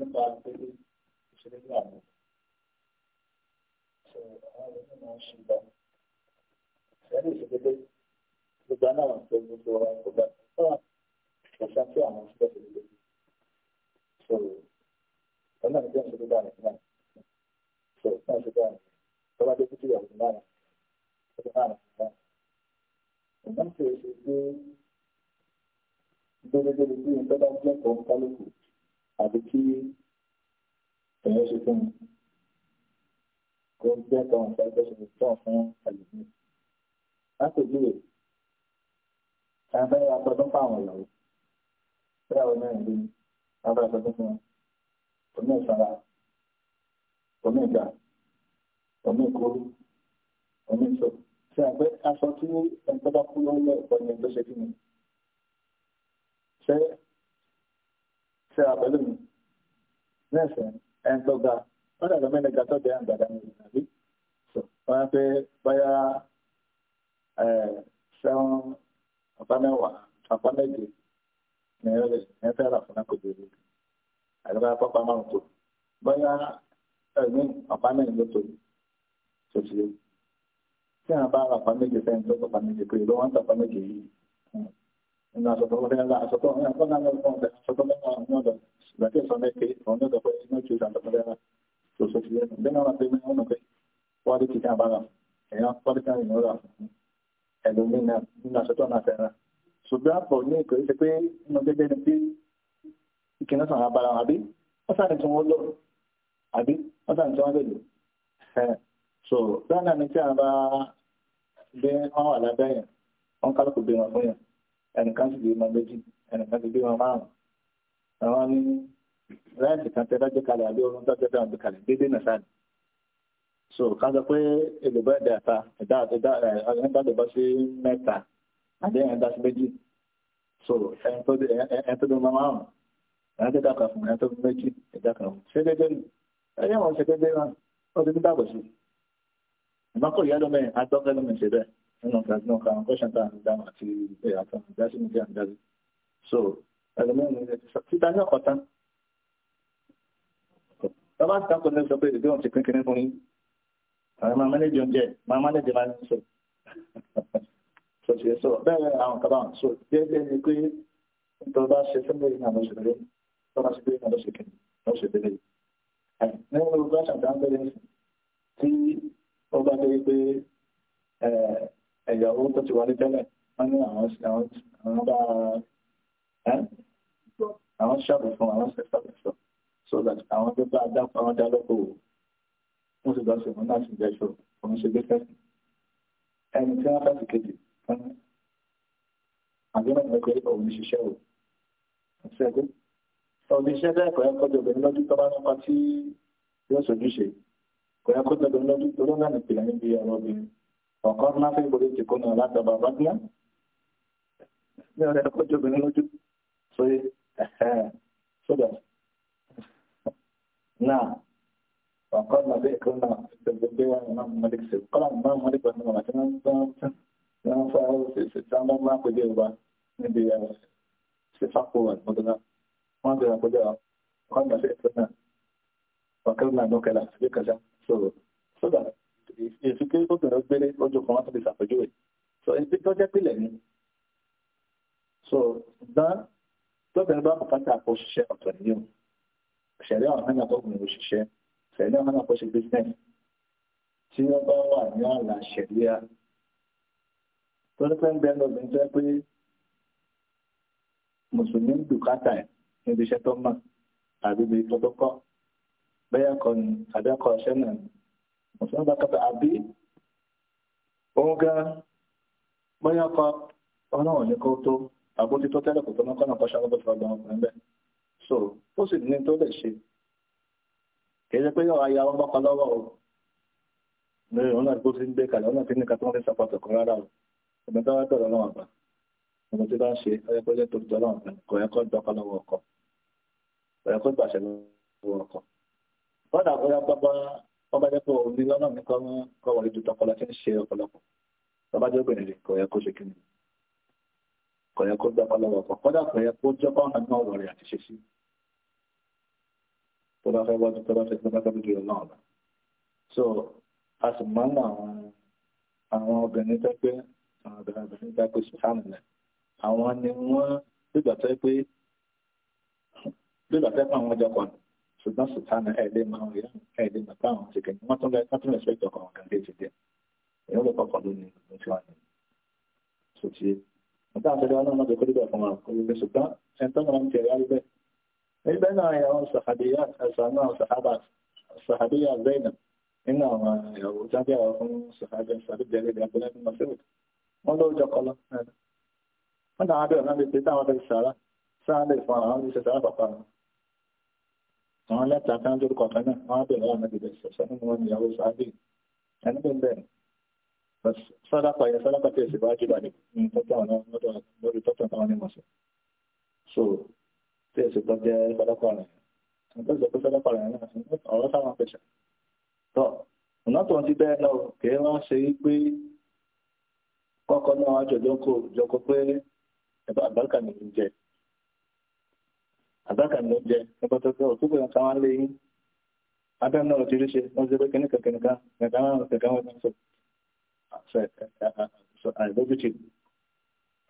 nípa pé ìṣẹ̀lẹ̀ ní àná ṣe àwọn ènìyàn máa ń ṣe bá ṣẹlẹ̀ ìṣẹ̀lẹ̀ gbogbo àná àwọn ìṣẹ̀lẹ̀ gbogbo wa kò bá kò sá sí àwọn ìṣẹ̀lẹ̀ ìṣẹ̀lẹ̀ so ọ̀nà ìjọ ìṣẹ̀lẹ̀ bá rẹ̀ náà so náà ṣe bá rẹ̀ tọ́lá dé kútù ìyàwó náà rẹ̀ tọ́lá náà rẹ̀ náà ìgbà tí o ṣe gbé gbẹgbẹgbẹ bí ìjọba àbí kí ẹ̀yẹ́ ṣe fún mi kó jẹ́ kan ìfẹ́jọ́ ṣe tán fún ẹlòmíì. látòjúwe ẹ fẹ́ ya tọdún fáwọn ìyàwó bẹ́ẹ̀ o mẹ́rin lé wọn fẹ́ tọdún fún wọn omi ìsanra omi ìgbà omi ìkóró omi ìṣó ṣe àgbẹ̀ aṣọ tí ẹni bá kú lọ́wọ́ ẹ̀kọ́ ni ẹni ṣe kí ni ṣe àpẹlú mi nẹẹsẹ ẹn tó ga wọn dàgbà mẹni ga tó jẹ mi àbí so wọn pe báyà ẹ sẹwọn àpamẹwàá àpamẹjẹ ní ẹ fẹ rà fún akọjọ rẹ àgbà pápá máa ń tó báyà ẹ̀mí àpamẹyìn ló tó tó ti yẹ tí àwọn bá àpamẹjẹ fẹ ń tó àpamẹjẹ pé ló wọn ń tàpamẹjẹ yìí. 那时候我那个时候那个那个那个时候那个那个那个上面给我那个会那就想怎么的，就是直接那个那对面我那个，我的几天班了，哎呀，我的干什么了？哎，农民呢？那时候那谁呢？ṣùgbọ́n àpọ̀ ní ìkọ̀ ìṣe pé inú gẹ́gẹ́ ni pé ìkíní sàn abala àbí wọ́n sàn tí wọ́n lò àbí wọ́n sàn tí wọ́n lè lò so dáná ni tí a bá gbé wọn wà lábẹ́ yẹn wọ́n kálukú gbé wọn fún yẹn ẹnìkan sì lè mọ méjì ẹnìkan sì lè mọ márùn àwọn ní láìsí kan tẹ́ dájú kalẹ̀ àbí orun tó tẹ́tẹ́ àbí kalẹ̀ dédé nà sáà so kan sọ pé èlòbọ́ ẹ̀dá ẹ̀ta ẹ̀dá ẹ̀dá ẹ̀dá ẹ̀dá sí mẹ́ta àdéhùn ẹ̀dá sí méjì so ẹ̀yìn tó dé mọ márùn ẹ̀yìn tó dákà fún ẹ̀yìn tó méjì ẹ̀dá kan ṣé dédé nù ẹ̀yìn wọn ṣe dédé náà ó ti dàgbà sí ìmọ̀kọ̀ ìyá lọ́mọ nínú ìdájọ́ náà kàwọn kọ́ṣán tá à ń dáhùn àti ìgbẹ́ àtàwọn ìdájọ́ ní so ẹlòmíràn ní ilẹ̀ títa ní ọ̀kọ̀tán bàbá àti tako ní sọ pé ìdí òun ti pín kiri fún yín àwọn máa mánéjì oúnjẹ máa so ṣe so bẹ́ẹ̀ àwọn kaba so díẹ̀ díẹ̀ ni pé nítorí bá ṣe fún lórí náà lọ́sẹ̀ lórí bá ṣe lórí náà lọ́sẹ̀ kiri lọ́sẹ̀ lórí nínú gbàṣà tá à ń pé ẹ̀yà owó tó ti wọlé tẹ́lẹ̀ wọ́n ní àwọn bá àwọn ṣàbò fún àwọn ṣẹ̀ṣàbò fún so that àwọn tó bá dá àwọn dá lọ́pọ̀ wọ́n sì bá ṣe wọn láti jẹ́ ṣọ òun ṣe gbé fẹ́sì ẹni tí wọ́n fẹ́sì kejì fún àgbẹ̀mọ̀ ẹgbẹ́ òun ṣiṣẹ́ o ṣẹ́gun ọ̀gbìn iṣẹ́ bẹ́ẹ̀ kọ̀ yẹ kọjọ obìnrin lọ́dún tó bá ń pa tí yóò ṣojúṣe kọ̀ yẹ kọjọ obìnrin lọ́dún tó lọ́nà ìpìlẹ̀ níbi ọ̀rọ̀ obìnrin ọ̀kọ́rùn náà fi gbòdì tí kò ní ọ̀làdọ̀bà rọ́gbìnà ní ọ̀rẹ́ ọkọ̀jọ́ obìnrin lójú sórí sódà náà ọ̀kọ́rùn náà fi kò náà gbogbo pé wọn náà mọ̀lẹ́ sí kọ́lá náà mọ̀lẹ́ pẹ̀lú ọ̀nà tí wọ́n fẹ́ ṣèṣe tí wọ́n máa pèjẹ́ ìwà níbi sífàkó àgbọ̀dọ̀lá wọ́n bẹ̀rẹ̀ àkójọ ọ̀kọ́rùn náà fi kò náà èsù kí ó bẹ̀rẹ̀ gbére lọ́jọ́ kan láti lè ṣàpèjúwe so ẹni tó jẹ́ pìlẹ̀ ni so ṣùgbọ́n lọ́bẹ̀rẹ̀ bá bùkátà kó ṣiṣẹ́ ọ̀tọ̀ nìyẹn ṣẹ̀rí àwọn hánà tó gùn òṣìṣẹ́ ṣẹ̀rí àwọn hánà kó ṣe bísínẹ́sì tí wọ́n bá wà ní àlà ṣẹ̀ríà tó ní pẹ́ ń bẹ́ẹ̀ lọ́bẹ̀ ń jẹ́ pé mùsùlùmí ń bùkátà ẹ̀ níbi iṣẹ́ tó mọ̀ àbí ibi tó tó kọ́ bẹ́ẹ̀ kọ́ ni àbẹ́kọ̀ iṣẹ́ náà ni مسابقة عبي ọ̀gá bóyá kọ ọlọ́run ní kó tó àbójútó tẹ́lẹ̀ kò tó mọ́ kọ́nà kọ́ṣà lọ́bọ̀ fún ọgbọ̀n ọkùnrin bẹ́ẹ̀ so ó sì ní tó lè ṣe kìí ṣe pé yọ aya ọmọ kan lọ́wọ́ o ní òun náà tó ti ń gbé kalẹ̀ òun náà ti ní ká tó ń fi sàpàtọ̀ kan rárá o ọmọ tó wá bẹ̀rẹ̀ ọlọ́run àgbà ọmọ tó bá ń ṣe ọyẹ pé tó jọ ọlọ́run kò yẹ kó gbọ́kọ lọ́wọ́ ọkọ wọ́n bá jẹ́ pé òbí lọ́nà mi kọ́ mọ́ kọ́ wọlé ju tọkọ láti ń ṣe ọ̀pọ̀lọpọ̀ wọ́n bá jẹ́ obìnrin rẹ̀ kò yẹ kó ṣe kíni kò yẹ kó gbé ọkọ lọ́wọ́ ọkọ kódà kò yẹ kó jẹ́ kó hàn náà wọ̀rẹ̀ àti ṣe sí tó bá fẹ́ wọ́n tó bá fẹ́ tó bá fẹ́ bí ọlọ́run lọ. so a sì máa ń àwọn àwọn obìnrin tẹ́ pé àwọn obìnrin tẹ́ pé sùhánù lẹ̀ àwọn ni wọ́n bí ṣùgbọ́n sùtánà ẹ̀ẹ́dẹ́ máa ń rí ẹ̀ẹ́dẹ́ máa táwọn ti kẹ́yìn wọ́n tún bẹ́ẹ̀ tún ẹ̀sẹ̀ ìjọba ọ̀gá dé ti dé èèyàn ló kọ́kọ́ lónìí ló ti wà ní sòtì nígbà tó dáa náà lọ́dọ̀ kọ́dọ̀ fún wa kò lè ṣùgbọ́n ẹ̀ńtọ́ máa ń tẹ̀lé alẹ́ níbẹ̀ náà àwọn sàhàbíyà ẹ̀sán àwọn sàhábà sàhàbíyà zainab nínú àwọn ìyàwó jáde àwọn fún sàhàbíyà sàbíjẹrẹ ìdí abúlé nínú masíwò wọn ló jọ kọlọ wọn náà wọn bẹ̀rẹ̀ náà lè pe táwọn fẹẹ sàrà sáà lè fún àwọn àwọn ìṣẹ̀ṣẹ̀ àpapọ̀ àwọn àwọn mẹ́ta kan lórúkọ kan náà wọ́n bẹ̀rẹ̀ wọn níbi ìdẹ̀sẹ̀ sọ́nà wọn ni ìyàwó sáábì ẹni bẹ́ẹ̀ bẹ́ẹ̀ sọ́dápà yẹn sọ́dápà tí èsì bá jìbà ní tọ́tọ̀ àwọn ọmọdé lórí tọ́tọ̀ àwọn onímọ̀sán so tí èsì tó jẹ́ sọ́dápà rẹ̀ nígbà tó sọ́dápà rẹ̀ náà ọ̀rọ̀ sáwọn pẹ̀sà tọ́ ọ̀nà tó ń ti bẹ́ẹ̀ náà kì í wá ṣe pé kọ́kọ́ náà wájú ọjọ́ kó jọ pé ẹ̀bà àbáríkà nìyí àtàkà ló jẹ ẹgbẹ́tọ́tọ́ òtúkọ̀ yẹn káwọn lé yín abẹ́ náà ti ríṣe wọ́n ti pé kìnnìkà kìnnìkà kìnnìkà wọn kìnnìkà wọn ti ń sọ àìlójútì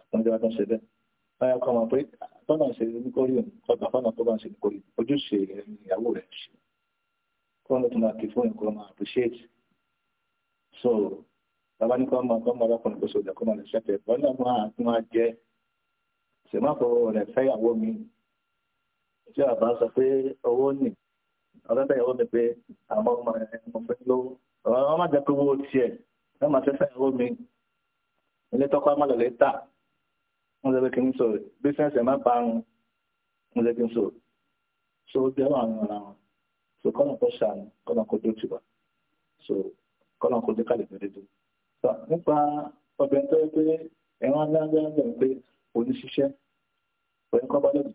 wọ́n jẹ́ wọn tó ń ṣe bẹ́ẹ̀ báyà kọ́ ọmọ pé tọ́nà ṣe ní kórìí òun ọgbà fọ́nà tó bá ń ṣe ní kórìí ojúṣe ìyàwó rẹ̀ ṣe kó ló tún máa kí fóònù kó máa appreciate so bàbá ní kó máa kó máa lọ́kùnrin kó sọ̀rọ̀ kó máa lè ṣẹ́fẹ̀ẹ́ bọ́n náà máa tún máa jẹ́ ṣèmáfọwọ́ rẹ̀ fẹ́yàwó mi tí a bá sọ pé owó nì ọlọ́dẹ ìyàwó mi pé àmọ́ ọmọ ẹ̀ mo fẹ́ lówó ọ̀rọ̀ wọn má jẹ́ pé owó tiẹ̀ ẹ máa fẹ́ fẹ́ ìyàwó mi ilé tọ́kọ́ má lọ́lẹ́ tà wọ́n lè kí n sọ̀rọ̀ bísíǹsì ẹ̀ má parun wọ́n lè kí n sọ̀rọ̀ so ó jẹ́ àwọn ọ̀rọ̀ àwọn so kọ́nà kó ṣàánú kọ́nà kó dó tiwa so kọ́nà kó dé kálí fẹ́rẹ́ dé so nípa ọbẹ̀ tó yẹ pé ẹ̀wọ̀n alágbèrè pé oníṣiṣẹ́ òyìnkọ́ bá lọ́dún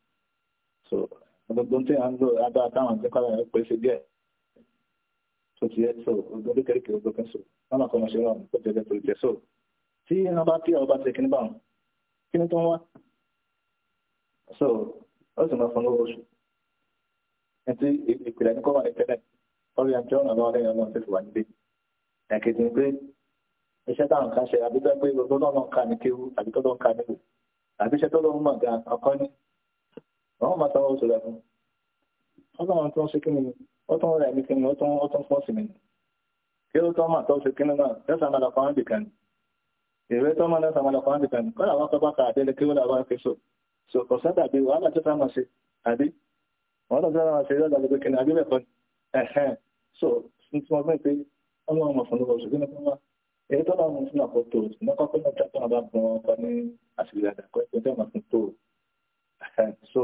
so gbogbo tí a ń lò adá táwọn jẹ́ kára ẹ̀ pèsè díẹ̀ tó ti yẹ so gbogbo kékeré gbogbo kan so wọn máa kọ́ ọmọ ṣe rà wọn kó tẹ̀lé tó jẹ so tí iná bá kí ọba ti kí ní bá wọn kí ni tó ń wá so ó sì máa fọn lówó oṣù ẹtí ìpìlẹ̀ ní kọ́ wà ní tẹ́lẹ̀ ọ̀rẹ́ àjọ ọ̀nà lọ́wọ́ lẹ́yìn ọmọ ìfẹ̀fẹ̀ wà níbí ẹ̀kejì ni pé iṣẹ́ táwọn kan ṣe àbí bẹ́ẹ̀ pé gbogbo náà ń ka ní kéwu àbí tó ń ka níwò àbí iṣẹ́ tó lọ́wọ́ mọ̀ gan-an àwọn máa sanwó oṣù rẹ̀ fún wọ́n tán wọn tó ń ṣe kíni ó tán rẹ̀ ní kíni ó tán ó tán fọ́ọ̀sì mi kí ló tán máa tó ṣe kíni náà lẹ́sàn máa lọ fún áńdì kan ìwé tán máa lẹ́sàn máa lọ fún áńdì kan kọ́lá wọn kọ́kọ́ ká àdéle kí ó làwọn fi so so kò sẹ́dà bí wàhálà tó sá máa ṣe àbí wọ́n tó sá máa ṣe yọ̀dà lóko kíni àbí bẹ̀kọ́ so n tí wọ́n gbé pé wọ́n lọ́wọ́ mọ̀ fún lóko oṣù kíni fún wa èyí tó lọ́wọ́ mọ̀ fún àpò tó lọ́kọ́ pé wọ́n tẹ́ so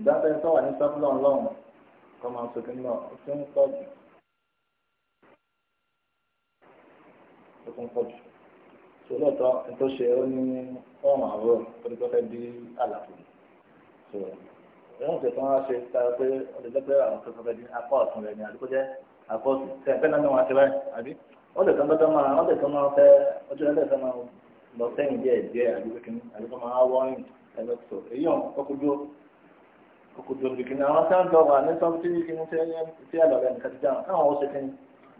ìdáfẹ́ sọ̀wà ní sọ́fúnlọ̀ ńlọ́run kọ́ máa sókè ńlọ tó ń pọ̀ jù tó tún pọ̀ jù sọlọ́tọ̀ tó ṣe ó ní fọ́ọ̀mù àbúrò torí pé fẹ́ di àlàfo so ẹ̀rọ tẹ̀ tó ń wá ṣe ta pé ọ̀dẹ̀dẹ̀ pé àwọn tó fẹ́ di apá ọ̀tún rẹ̀ ni àdúgbò jẹ́ apá ọ̀tún tẹ̀ ẹ̀fẹ́ náà ni wọ́n á ṣe báyìí àbí ó lè tán dọ́dọ́ máa ó lè tán máa fẹ́ ọjọ́ ẹlẹ́ tán máa lọ sẹ́yìn díẹ̀ díẹ̀ àdúgbò kìíní àdúgbò máa wọ́n ẹ̀rọ tó èyí ò òkùdó nìkan àwọn tí wọ́n dọ̀wà ní sọ́ọ́ tí kí wọ́n ti àlọ́lẹ̀ nìkan ti dáhùn káwọn ọ̀sẹ̀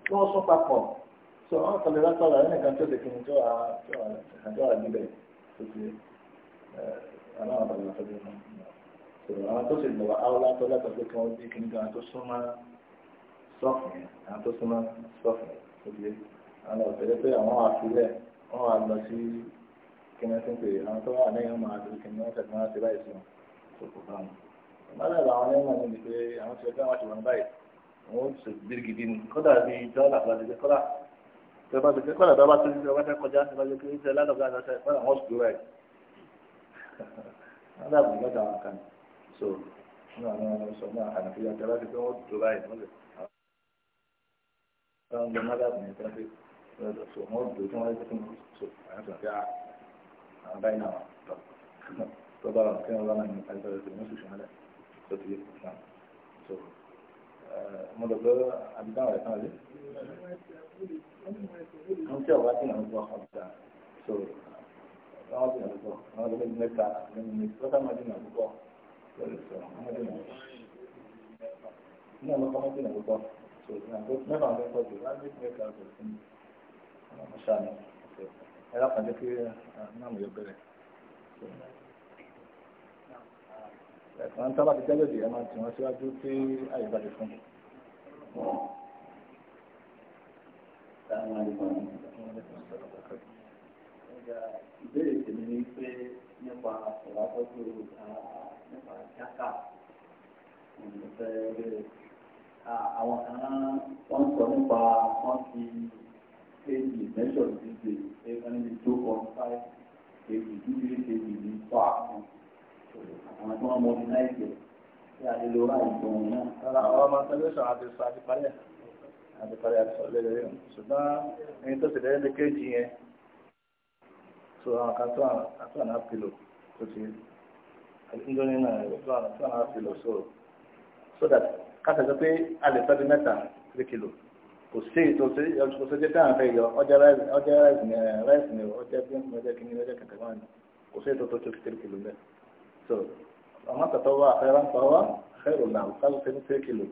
kí wọ́n sún papọ̀ so àwọn kan lè látọ̀ ọ̀la nìkan tó lè kí wọ́n tó àlọ́ níbẹ̀ tó ti àwọn àbàlẹ̀ tó lè náà so àwọn tó sì lọ́wọ́ àwọn látọ̀ látọ̀ pé kí wọ́n bí kí nìkan tó súnmọ́ sọ́ọ̀fù yẹn àwọn tó súnmọ́ sọ́ọ̀fù yẹn tó ti àwọn ọ̀tẹ̀lẹ́ pé àwọn àfilẹ̀ wọ́n wà lọ sí kí wọ́n ti ń pè àwọn tó wà lẹ́yìn mọ́nà làwọn ẹ̀mọ́ mi ni pé àwọn ti ẹgbẹ́ àwọn ti wọn báyìí wọn ó sì bí gidi ni kódà bí dọ́là fún àtẹ̀jẹ́ kọ́là tẹ bá tẹ kọ́là tó bá tó ṣe wáṣẹ kọjá tẹ bá tẹ kí ṣe ládọ̀gá àti ṣe kọ́là wọn sì dúró ẹ̀ wọn dàbò ní mẹ́ta àwọn kan so wọn àwọn ọmọ sọ náà ànàfíà tẹ bá tẹ kí wọn dúró ẹ̀ wọn lè wọn lè má dàbò ní tẹ́lẹ̀ so wọn dúró tí wọn lè tẹ́lẹ̀ so àwọn sọ pé ah, àwọn báyìí náà tó bá wọn kí wọn lọ́nà ní àjọ ìṣòwò náà tó uh, ti yẹ fún un so mo lọ gbọ́ àbíkáwà ẹ̀ kan lé. wọ́n tí ọ̀wá tí wọ́n gbọ́ ọ̀gá so wọ́n ti nàgbọ́ wọ́n lọ gbé mẹ́ta lẹ́nu mi lọ́tà máa dín nàgbọ́ lórí sọ wọ́n dín nàgbọ́ ní ọlọ́kọ́ wọ́n dín nàgbọ́ so nàgbọ́ mẹ́fà ló ń pọ̀ jù wọ́n á dín mẹ́ta lọ́tọ̀ sí mi ọ̀ṣà mi ẹ̀rọ kan jẹ́ pé uh, náà mo yọ bẹ̀rẹ̀ ẹ̀sán tábà ti jẹ́lẹ̀ dè ẹ̀mọ́ tí wọ́n síwájú pé àyíbáyé fún ìbéèrè tèmi ni pé nípa ọ̀rọ̀ àtọ́jú nípa jákà ìfẹ́ bẹ̀rẹ̀ àwọn kan wọ́n sọ nípa wọ́n fi kéèjì mẹ́sọ̀rọ̀ gbígbé pé wọ́n ní tó kọ́ five kéèjì gbígbé kéèjì ní fáàkùn àwọn tó wọn mọ ní láìpẹ́ tí a lè lo ráàyè tó wọn náà. ara àwọn ọmọ tẹlifíṣàn àti sọ àti parẹ́ àti parẹ́ àti sọ lélẹ̀ ṣùgbọ́n ẹni tó ti lẹ́yìn lè kéjì yẹn tó àwọn kan tó àwọn àpilò tó ti ìjọ́ni náà tó àwọn àpilò so so that kásìkò pé a lè fẹ́ bí mẹ́ta three kilo kò sí ìtòsí ìtòsí tí a fẹ́ yọ ọjà ráìsì ni ọjà bíńkì ọjà kìíní ọjà kẹtẹ wọn kò sí ìtòsí tó tó kìtìrì kìlò bẹ́ẹ̀ so ọmọ tàtọ́wọ́ àfẹ́rẹ́ ń pawọ́ xẹ́rù làwọn kálù fẹ́ ní tẹ́ kìlò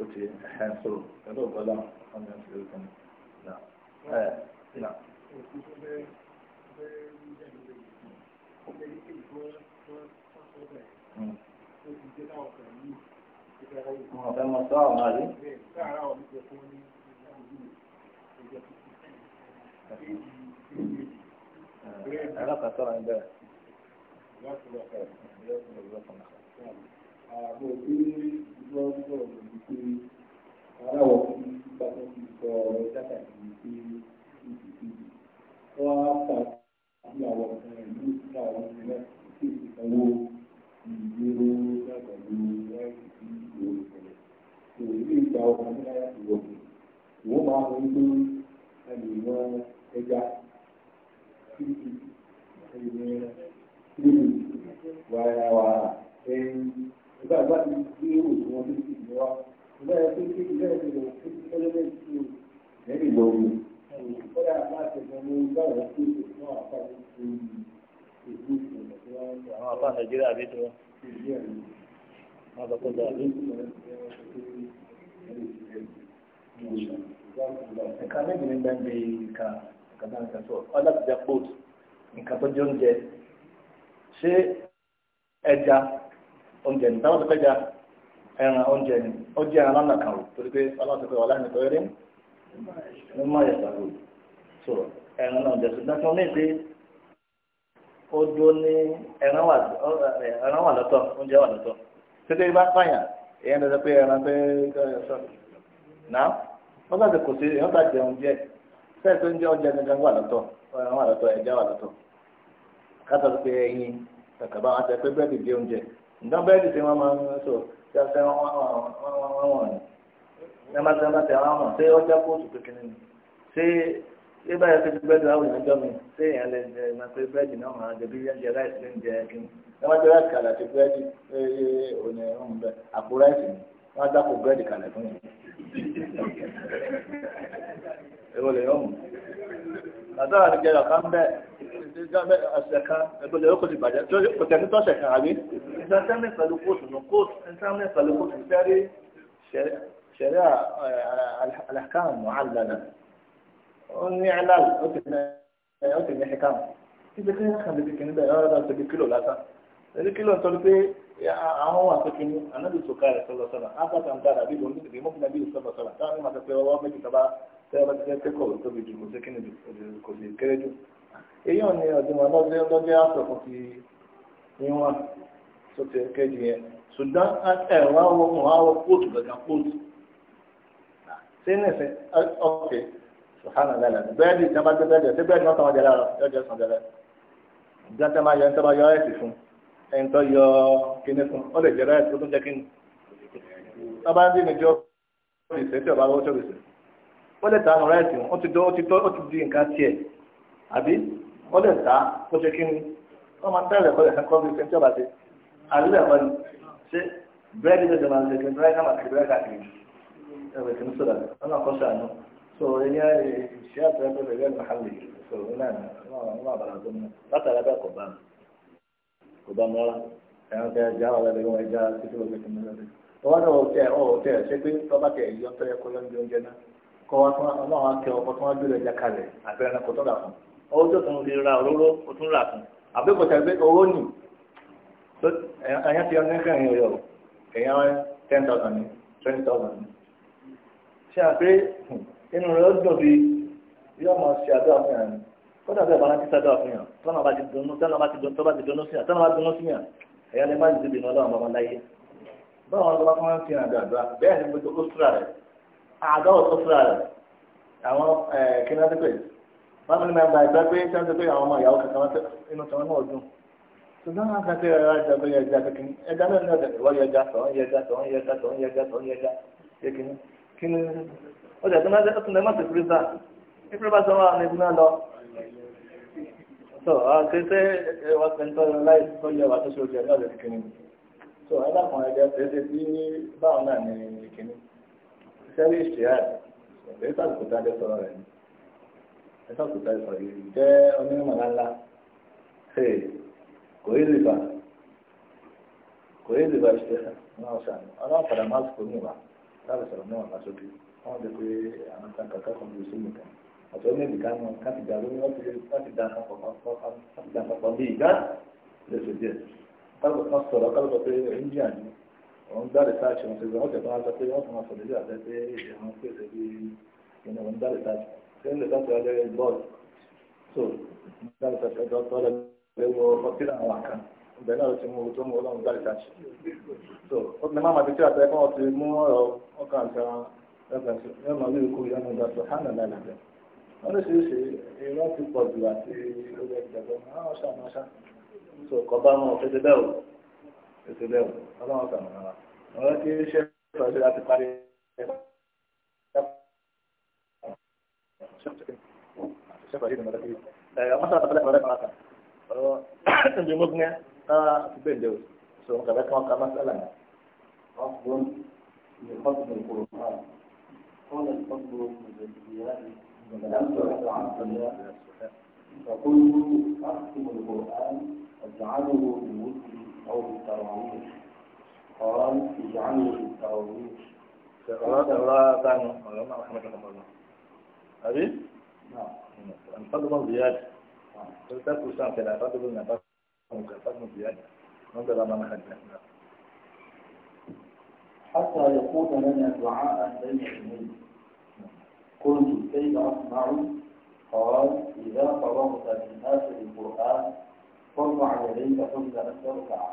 ó ti ẹ̀hẹ́n so pẹ̀lú ọ̀gọ́lá ọmọ ẹ̀ ń fi kan nà àbò tí wàrà wàrà ẹ̀yìn ìgbà ìgbà tí kí ó wù wọn ní ìlú wa ìgbà yẹn pé kí ìgbà yẹn lọ sí ẹlẹ́lẹ́ tí ó lẹ́yìn lọ wù. kódà láti ẹ̀sán ní ìgbà yẹn tí ó fún àpá tó ti ìlú ìlú tí wọ́n ń bọ̀. àwọn àpá nàìjíríà bí tó. wọ́n sọ pé bẹ́ẹ̀ ni. ẹ̀ka méjì ní gbàgbé ìka ìka dáńtà tó ọ̀dà ti jẹ́ pọ́ọ̀tù nǹkan tó jẹ́ oúnjẹ ṣé ẹja oúnjẹ ní táwọn tẹ́jà ẹran oúnjẹ ní ó jẹ́ ẹran lọ́nà kan torí pé ọlọ́run pé ọlá ní tọ́yọ́ rí ní mọ́ ẹ̀sà rò so ẹran náà jẹ́ ṣùgbọ́n tí wọ́n ní pé ó dúró ní ẹran wà lọ́tọ̀ oúnjẹ wà lọ́tọ̀ títí bá pààyàn èèyàn dandan pé ẹran pé ẹ̀sọ́ náà wọ́n bá ti kò sí èèyàn bá jẹun jẹ sẹ́ẹ̀ tó ń jẹ oúnjẹ gangan wà lọ́tọ̀ ẹran wà lọ́tọ̀ ẹja wà lọ́tọ̀ kátà ló pe ẹyin kàkàbá àti ẹgbẹ́ bẹ́ẹ̀dì bí oúnjẹ nǹkan bẹ́ẹ̀dì tí wọ́n máa ń sọ tí wọ́n fẹ́ wọ́n wọ̀n ní nàmàtàmàtà àwọn ọmọ ṣé ọjà kóòtù kékeré ni ṣé ṣé báyọ̀ pé bẹ́ẹ̀dì àwọn èèyàn mi ṣé èèyàn lè jẹ máa pé bẹ́ẹ̀dì náà máa jẹ bí oúnjẹ ráìsì ló jẹ kí ni nàmàtà ráìsì kàlà ti bẹ́ẹ̀dì òní ọ̀hún bẹ́ẹ̀ àpò ni wọ́n á dákò bẹ́ẹ̀dì kàlà fún lè yọ̀ ẹ̀sẹ̀ka ẹgbẹ̀lẹ̀ ó kò lè bàjẹ́ tó kò tẹ̀sí tó ṣẹ̀ka àbí. ìsọ̀tẹ́mẹ̀ pẹ̀lú kóòtù nù kóòtù ìsọ̀tẹ́mẹ̀ pẹ̀lú kóòtù sẹ́rí ṣẹ̀rí àlàkàmù àlànà ó ní àlàlù ó ti ní ẹ̀kàmù. títí kí ní kàndé kékeré bẹ́ẹ̀ ọ̀rọ̀ náà tóbi kílò lásán. ẹni kílò ń tọ́lú pé àwọn wà pé kíní anábì sọ̀kà rẹ̀ sọ̀rọ̀ sọ̀rọ̀ ápàtà ń dára bí lòun ní ìdí mọ́kànlá bí sọ̀rọ̀ sọ̀rọ̀ táwọn ní màtọ́ pé ọwọ́ méjì tàbá tẹ́wọ́ bá ti fẹ́ kẹ́kọ̀ọ́ tóbi jù kò sí kíni jù kò sí kéré jù. èyàn ni ọ̀dùnmọ̀ lọ́gbẹ́ lọ́gbẹ́ àtọ̀kùn ti níwọ̀n tó ti kẹ́jì yẹn ṣùgbọ́n ẹ̀wọ̀n awọ wọn awọ kóòtù gàgà kóòtù sínẹ̀sẹ̀ ọ̀kẹ́ sùhánà lẹ́la bẹ́ẹ̀dì tí wọ́n bá gbé bẹ́ẹ̀dì ọ̀sẹ̀ bẹ́ẹ̀dì wọn tọ́ wọn jẹ lára ọjọ́ sàn jẹlẹ ìgbà tí wọ́n máa yọ ẹni tó bá yọ ẹ̀sì fún ẹni tó yọ kíní fún ó lè jẹrẹ ẹ̀sì tó tún jẹ kíní wọ́n bá ń dín ní jọ́ ìṣẹ́ tí ọ̀bá wọ́n ṣọ́ ìṣẹ́ ó lè tàánù rẹ̀ ẹ̀sì wọn ó ti di nǹkan tiẹ̀ àbí wọ́n lè ta kó ṣe kí ni wọ́n máa ń tẹ̀lé ẹ̀kọ́ lẹ́sẹ̀ kọ́ bí ṣe ń tẹ́ bàtẹ́ àlùlẹ̀ ẹ̀kọ́ ni ṣé búrẹ́dì lè dẹ̀mà ṣe kí búrẹ́dì náà kì búrẹ́dì ẹ̀rọ ìkíní sọ̀rọ̀ wọn náà kọ́ sànù so ẹni ìṣe àtẹ̀rẹ́fẹ́ rẹ̀ rẹ̀ mahali so náà wọn àbàlà tó mú látara bẹ́ẹ̀ kò bá mi kò bá mi rárá ẹ̀rọ tẹ ẹja wà lẹ́dẹ̀ẹ́ wọn ẹja títí lóbi tó mú lọ́dẹ̀ wọn náà tẹ ọ tẹ ṣé pé tọ́ba tẹ ìyọ́ntọ́ ẹ̀kọ́ lọ́njọ́ oúnjẹ náà kọ́ wọn tó wọn akẹ́ ọkọ̀ tó wọn gbé lọ ẹja kalẹ̀ àbẹ̀rẹ̀ náà kò tọ́ owó tó tún lè ra òróró o tún rà tún àbẹ́kọ̀tà pé owó nì ẹ̀yán ti ọdún kan yẹn yọ ẹ̀yán ten thousand ni twenty thousand ni ṣé àpé hmm, inú rẹ̀ ó dùn bí yóò máa ṣe àdúrà fún ni kódà bí àbára ti sàdúrà fún yàn tọ́nà bá ti dunnú tọ́nà bá ti dunnú tọ́nà bá ti dunnú sí yàn tọ́nà bá dunnú sí yàn ẹ̀yán lè má ti dìbò lọ́wọ́ bàbá láyé báwọn ọlọ́wọ́ fún wọn ti rìn àdó bẹ́ẹ̀ ni gbogbo ó súra rẹ̀ àdó ò tó rẹ̀ àwọn kí family member ẹgbẹ́ pé ṣé ń sọ pé àwọn ọmọ ìyàwó kankan inú tí wọ́n náà dùn ṣùgbọ́n àwọn kan ti rẹ̀ ẹja pé ẹja kékeré ẹja náà ní ọ̀dẹ̀ wọ́n yẹja tọ̀hún yẹja tọ̀hún yẹja tọ̀hún yẹja tọ̀hún yẹja kékeré kí ni ó jẹ́ tó ń lẹ́ mọ́tò fúrísà ní fúrísà sọ wà ní ìdúná lọ. tó àkété wọ́n ti ń tọ́ láì tó yẹ wà tó ṣe oṣù ẹ̀ náà lè fi kíni. tó ẹ̀dá ẹ̀ka kò tá ìfọ̀ yìí jẹ́ onímọ̀ lálá kò yé lè bá kò yé lè bá ṣe náà sàn ọlọ́run padà má sùkúrú nìwà láti sọ̀rọ̀ náà wà sókè wọ́n ti pé àwọn kan kàkà kan fi sí nìkan àti oníbi kan mọ káti dà lórí wọ́n ti káti dà kan pọ̀pọ̀ káti dà kan pọ̀ bí ìgbà lè ṣe díẹ̀ kálukọ̀ kan sọ̀rọ̀ kálukọ̀ pé india ni òun gbá research wọn ti gbà wọ́n tẹ̀ fún wọn sọ pé wọ́n fún wọn sọ̀rọ̀ pé èdè wọn pèsè bí sẹ́yìn lè sọ́kùnrin lẹ́yìn bọ́ọ̀lù tó dáhùn sọ̀tẹ̀ dọ́tọ́ lẹ́nu lẹ́wọ́ ọtíra àwọn àkàn ìbẹ̀ náà ti mú tó mú ọlọ́run gbárí káàkiri tó ó ti ní máma ti tí àtẹ kọ́ ọ ti mú ọ̀rọ̀ ọkàn àti ẹgbẹ̀nsì yóò máa lórí kú ìyanu ìdájọ́ hánà náà làbẹ̀ wọ́n ní ṣeéṣe ìran ti pọ̀ jù àti Saya balik dengan tadi. Eh, apa salah tempat pada mengatakan? Kalau jumlahnya kita benjau. So, kalau kamu kamu salah. Asbun يقدم القرآن قال الفضل من الزياد ولم عن الله فقلت أختم القرآن أجعله بالوتر أو بالتراويح قال اجعله بالتراويح. الله الله أبي؟ نعم الفضل بن زياد قلت لك وسام كده الفضل بن عباس الفضل بن زياد نظر أمام حتى يكون لنا دعاء بين عينيه قلت كيف أصنع؟ قال إذا فرغت من آخر القرآن فرفع يديك قبل أن تركع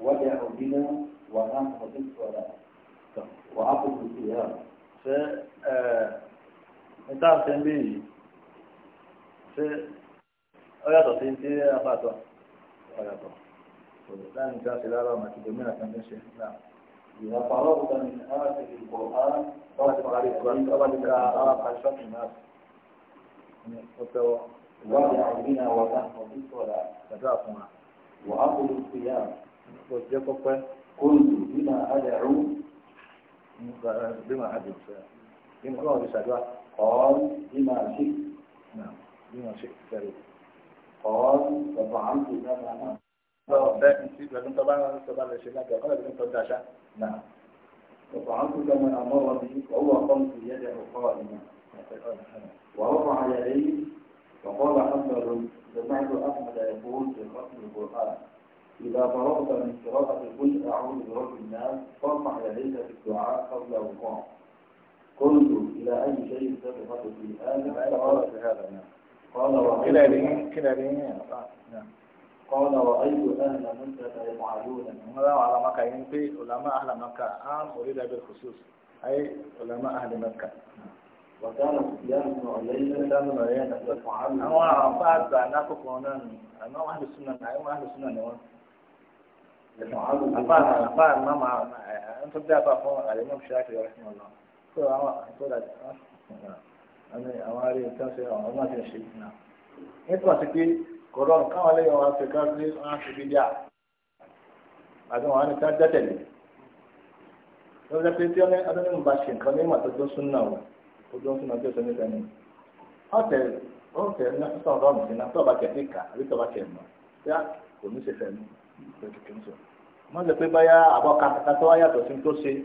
ودع بنا ونحن في الصلاة وأقم الصيام آه، níta ṣe ń bí yìí ṣé ó yàtọ̀ sí ti apàtọ̀ ọ̀yàtọ̀ láàrin tí a ṣe lára ọmọ àtìgbò mìíràn kan tó ṣe náà. ìyàpá ọlọ́pàá ni a ti ìbò á bá ti parí ìgbàlódé ọba ti ka ara pa ṣọ́ọ̀kì náà ní ọ̀tẹ̀wọ̀ ìwádìí àwọn ìbí náà wọ́n kàn ọdún sọ̀rọ̀ àgbàdo àfọ̀nà wọ́n á kó lóṣù tó yá jẹ́ kọ́pẹ́ kó bí máa á rú bí máa á rú لما الله بسألها قال بما شئت نعم بما شئت فريد قال فطعمت كما فطعمتك من امرني وهو قمت يده قائما ورفع يديه وقال احمد سمعت احمد يقول في ختم القران اذا فرغت من قراءه الكل اعوذ برب الناس فارفع يديك في الدعاء قبل وقوع قلت إلى أي شيء تبقى في هذا قال هذا قال نعم قال رأيت نعم. أهل مكة يفعلون هذا على مكة ينفي علماء أهل مكة عام أريد بالخصوص أي علماء أهل مكة وكان سفيان بن عيينة سفيان بن عيينة أنا أنا أنا أنا أنا أنا أهل السنة أنا أهل السنة أنا أنا أفعل أفعل ما أنا أنا أنا أفعل الإمام الشافعي رحمه الله so àwọn àtọ́ dàbí àmì àwọn aré nǹkan ṣe àwọn ọmọ àti ẹ̀ṣẹ̀ yìí náà nípa sí pé kọ̀ọ̀dọ̀ káwọn lẹ́yìn wọn ṣe káwọn ní wọn ṣe bí díà àti wọn á ní ká dẹ́tẹ̀lé lọ́jọ́ pé tí adọ́nìmù bá ṣe nǹkan nígbà tó jọ́ súnà wọn tó jọ́ súnà tó jọ́ nípa ni ọ̀tẹ̀ ọ̀tẹ̀ ní sọ̀rọ̀ ọ̀nà sí náà tọ́ba kẹ̀ kíkà àbí tọ́ba kẹ̀ mọ̀ yá kò ní ṣe fẹ́ mi kò ní ṣe fẹ́ mi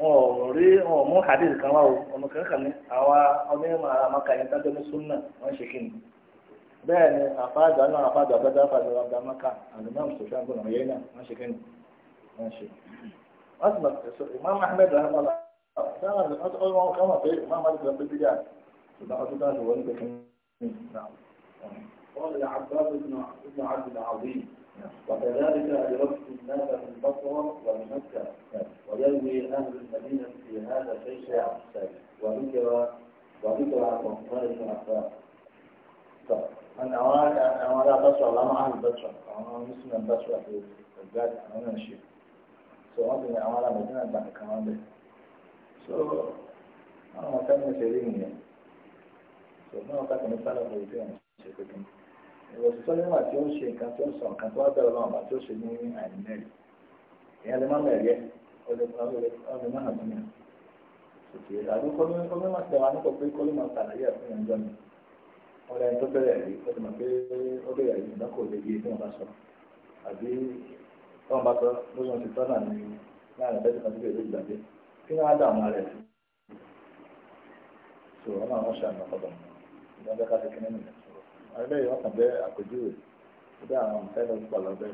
wọn ò rí wọn ò mú hadith kan wá o ọmọ kankan ní àwa ọmọ ẹ̀ma àmàkà yẹn tájọ́ ní súnà wọ́n ṣe kíni bẹ́ẹ̀ ni àfáàjà náà àfáàjà àgbàdá àfáàjà àgbàdá àmàkà àdùnnà mùsùlùmí àgbọ̀nà ọ̀yẹ́ náà wọ́n ṣe kíni wọ́n ṣe. wọ́n sì máa sọ Imam Ahmed rahmanu sáà ní wọ́n kàn wọ́n pé Imam Ahmed rahmanu bí yà ṣùgbọ́n ọdún dáhùn wọ́n ń gbẹ وكذلك أدركت الناس في البصرة مكة ويروي أهل المدينة في هذا شيء وذكر وذكر عن عثمان بن عفان أن أراك أن أرى بصرة لا مع أهل أنا مسلم بصرة في البلاد أنا شيء سواء أن أرى مدينة بعد كمان ده so أنا مهتم في ديني so أنا أعتقد أن السلف والدين شيء كده ìwòsàn níwà tí ó ń ṣe nǹkan tó ń sọ nǹkan tó wá bẹ̀rẹ̀ lọ́wọ́ àbá tí ó ṣe ní àìmẹ́rì ìyá lè má mẹ̀rẹ̀ ọlẹ́mọ̀ àbúnyà òkè àbí kọ́lé máa tẹ̀wá nípa pé kọ́lé máa tàlàyé àfihàn ìjọ mi ọ̀rẹ́ ẹni tó bẹ̀rẹ̀ rí ó ti mọ̀ pé ó bẹ̀rẹ̀ rí ìgbà kò lè yé bí wọ́n bá sọ àbí wọ́n bá sọ bó ṣe ń ti tọ́nà ní láàrin ọ̀dẹ́sẹ̀ kan tó bẹ̀rẹ̀ ìgbàgbé kí wọ́n á dà ọmọ rẹ̀ sí. sọ ọmọ àwọn ṣàmì ọkọ̀ bọ̀ ní ká ti kí nínú rẹ̀ ẹlẹ́yìí wọ́n kàn bẹ́ àpèjúwe bí àwọn ìfẹ́lẹ́ ń pọ̀ lọ́bẹ̀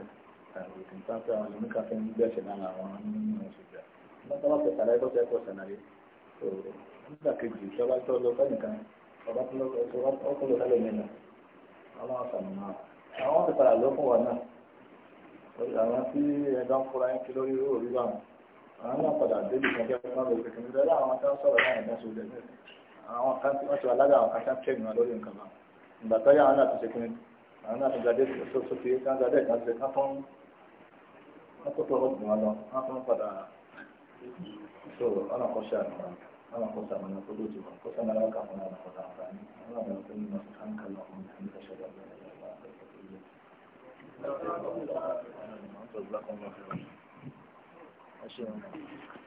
òkè tán pé àwọn oníkà fẹ́ ń gbẹ̀ṣẹ̀ náà àwọn nínú oṣù gbà wọ́n tọ́ bá fẹ́ sàlàyé bó fẹ́ pọ̀ sàlàyé tó nígbà kejì tó bá tó lọ fẹ́nìkan ọba tó lọ tó ọkọ̀ lọ sálẹ̀ mẹ́lẹ̀ ọlọ́run sàmùnà àwọn ti padà lọ fún wa náà àwọn tí ẹgbẹ́ ń fura yín kí lórí òrí bá àwọn náà padà débi kan jẹ́ fún àwọn òkè kìnnìkan ìgbà táyà àwọn náà ti ṣe kínní àwọn náà ti gbàdé sóso fi kán gbàdé ìkan ṣe kán tán wọn tó tọrọ jù wọn lọ wọn tó ń padà so ọ̀nà kọ́ ṣe àná ọ̀nà kọ́ ṣe àná ọ̀nà kó lójú wọn kó sẹ́ni aláǹkà fún ọ̀nà kọ́ ṣe àǹfààní ọ̀nà ọ̀nà tó ní ọ̀sán kan kan lọ́kùnrin kan ní ọ̀ṣọ́ ìgbàgbọ́ Thank you.